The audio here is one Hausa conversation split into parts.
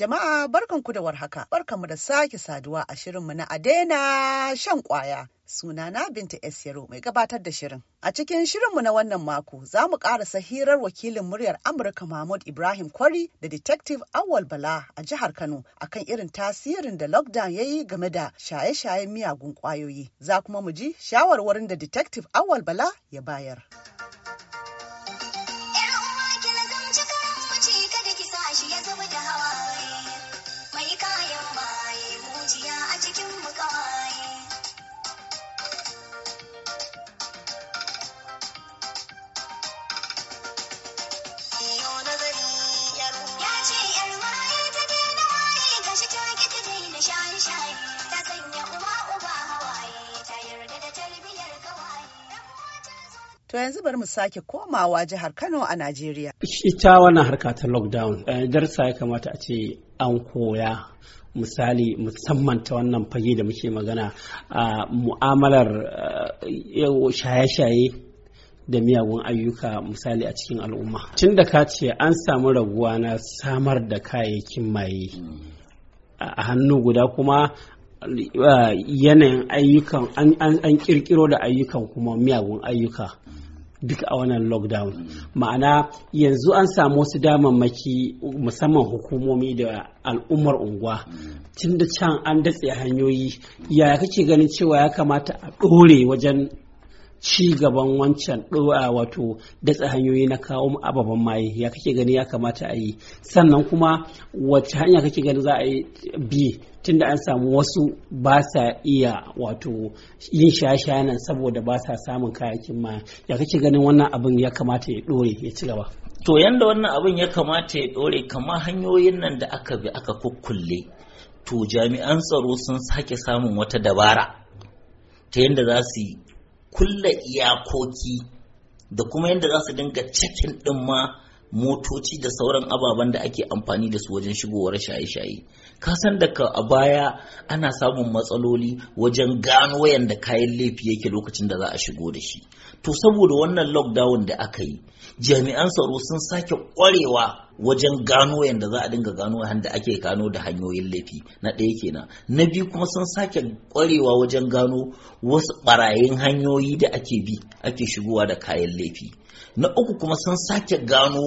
Jama'a barkan barkanku da warhaka, mu da sake saduwa a shirin mu na Adena shan kwaya. na Binta S. Yaro mai gabatar da shirin. A cikin shirin mu na wannan mako za mu sa hirar wakilin muryar Amurka Mahmud Ibrahim Kwari da Detective Awal Bala a jihar Kano akan irin tasirin da lockdown ya yi game da shaye-shayen miyagun ƙwayoyi. Za kuma mu ji shawarwarin da Detective Awal Bala ya bayar. To yanzu bari mu sake komawa jihar Kano a Najeriya. Ita wannan harka ta lockdown eh, darsa ya kamata a ce an koya misali musamman ta wannan fage da muke magana a mu'amalar eh, shaye-shaye da miyagun ayyuka misali a cikin al'umma. Tun da ka ce an samu raguwa na samar da kayayyakin maye a hannu guda kuma eh, yanayin ayyukan an kirkiro da ayyukan kuma miyagun ayyuka duk a wannan lockdown ma'ana yanzu an samu wasu damammaki musamman hukumomi da al'ummar unguwa tun da can an datse hanyoyi yaya kake ganin cewa ya kamata a ɗore wajen ci gaban wancan ɗora wato datse hanyoyi na kawo ababen maye ya kake gani ya kamata a yi sannan kuma wacce hanya kake gani za a yi bi tunda an samu wasu ba sa iya wato yin shashanan saboda ba sa samun kayakin ma ya kake ganin wannan abin ya kamata ya ɗore ya ci gaba to yanda wannan abin ya kamata ya ɗore kamar hanyoyin nan da aka bi aka kukkulle to jami'an tsaro sun sake samun wata dabara ta yadda za su kulle iyakoki da kuma yadda za su dinga cikin ɗin ma motoci da sauran ababen da ake amfani da su wajen shigowar shaye-shaye ka san daga a baya ana samun matsaloli wajen gano da kayan laifi yake lokacin da za a shigo da shi to saboda wannan lockdown da aka yi jami'an tsaro sun sake ƙwarewa wajen gano yadda za a dinga gano yadda ake gano da hanyoyin laifi na ɗaya kenan na biyu kuma sun sake ƙwarewa wajen gano wasu ɓarayin hanyoyi da ake bi ake shigowa da kayan laifi na uku kuma sun sake gano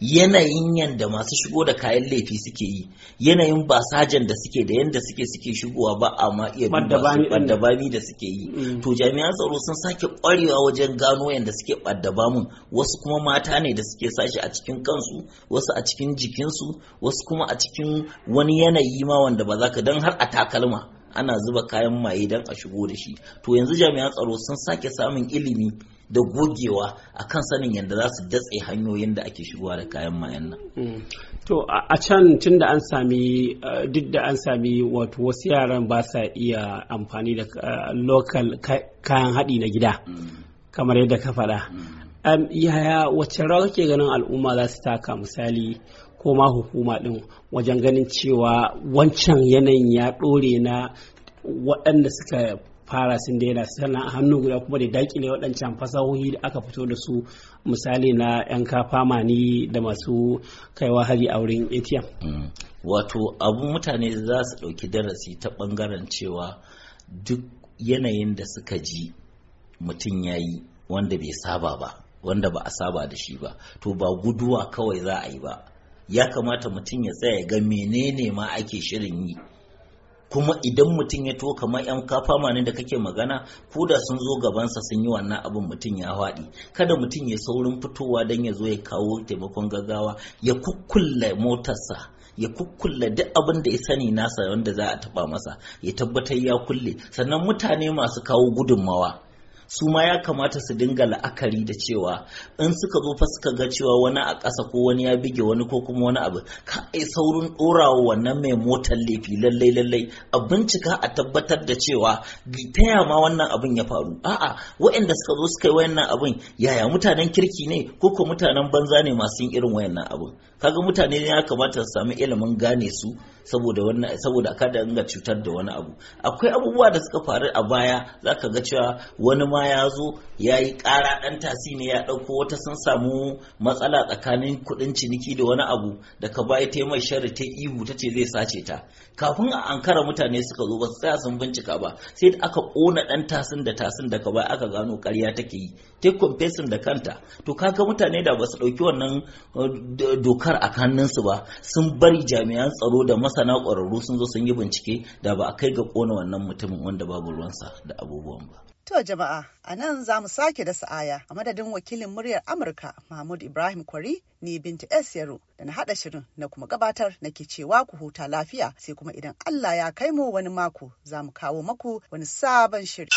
yanayin yadda masu shigo da kayan laifi suke yi yanayin basajen da suke da yadda suke suke shigowa ba a ma iya baddabami da suke yi mm. to jami'an tsaro sun sake kwarewa wajen gano yadda suke baddabamun wasu kuma mata ne da suke sashi a cikin kansu wasu a cikin jikinsu wasu kuma a cikin wani yanayi ma wanda ba za ka don har a takalma ana zuba kayan maye don a shigo da shi to yanzu jami'an tsaro sun sake samun ilimi da gogewa a kan sanin yadda za su datse hanyoyin da ake shigowa da kayan mayan nan. Mm. To a can tun da an sami uh, duk da an sami wato wasu yaran ba sa iya amfani da uh, local kayan haɗi na gida mm. kamar yadda ka faɗa. Mm. Um, yaya wacce rawa ke ganin al'umma za su taka misali ko ma hukuma ɗin wajen ganin cewa wancan yanayin ya ɗore na waɗanda suka fara sun daina sannan hannu guda kuma da dakile waɗancan fasahohi da aka fito da su misali na 'yan kafa ni da masu kaiwa hari a wurin atm mm. wato abu mutane za su ɗauki darasi ta ɓangaren cewa duk yanayin da suka ji mutum ya yi wanda bai saba ba wanda ba a saba da shi ba to ba guduwa kawai za a yi ba ya kamata mutum ya tsaya ga menene ma ake shirin yi kuma idan mutum ya to kamar yan kafama ne da kake magana ko da sun zo gabansa sun yi wannan abin mutum ya haɗi kada mutum ya saurin fitowa don ya zo ya kawo taimakon gaggawa ya kukkulle motarsa ya kukkulle duk abin da ya sani nasa wanda za a taba masa ya tabbatar ya kulle sannan mutane masu kawo gudunmawa su ma ya kamata su dinga la'akari da cewa in suka zo fa suka ga cewa wani a ƙasa ko wani ya bige wani ko kuma wani abu ka saurin ɗorawa wannan mai motar laifi lallai lallai a bincika a tabbatar da cewa ta ma wannan abin ya faru a'a waɗanda suka zo suka yi wayannan abin yaya mutanen kirki ne ko ko mutanen banza ne masu yin irin wayannan abin kaga mutane ne ya kamata su sami ilimin gane su saboda wannan saboda kada inga cutar da wani abu akwai abubuwa da suka faru a baya zaka ga cewa wani ma ya zo ya yi ƙara ɗan tasi ne ya ɗauko wata sun samu matsala tsakanin kuɗin ciniki da wani abu da ka bayi ta yi mai shari ta ihu ta ce zai sace ta kafin a ankara mutane suka zo ba su tsaya sun bincika ba sai da aka ƙona ɗan tasin da tasin da ka bayi aka gano ƙarya take yi ta confessing da kanta to kaga mutane da ba su ɗauki wannan uh, dokar a hannunsu ba sun bari jami'an tsaro da masana ƙwararru sun zo sun yi bincike da ba a kai ga ƙona wannan mutumin wanda babu ruwansa da abubuwan ba To jama'a, a nan za mu sake da sa'aya a madadin wakilin muryar Amurka Mahmud Ibrahim Kwari ne Binta S Yaro da na haɗa shirin na kuma gabatar na ke cewa ku huta lafiya sai kuma idan Allah ya kai mu wani mako za mu kawo maku wani sabon shiri.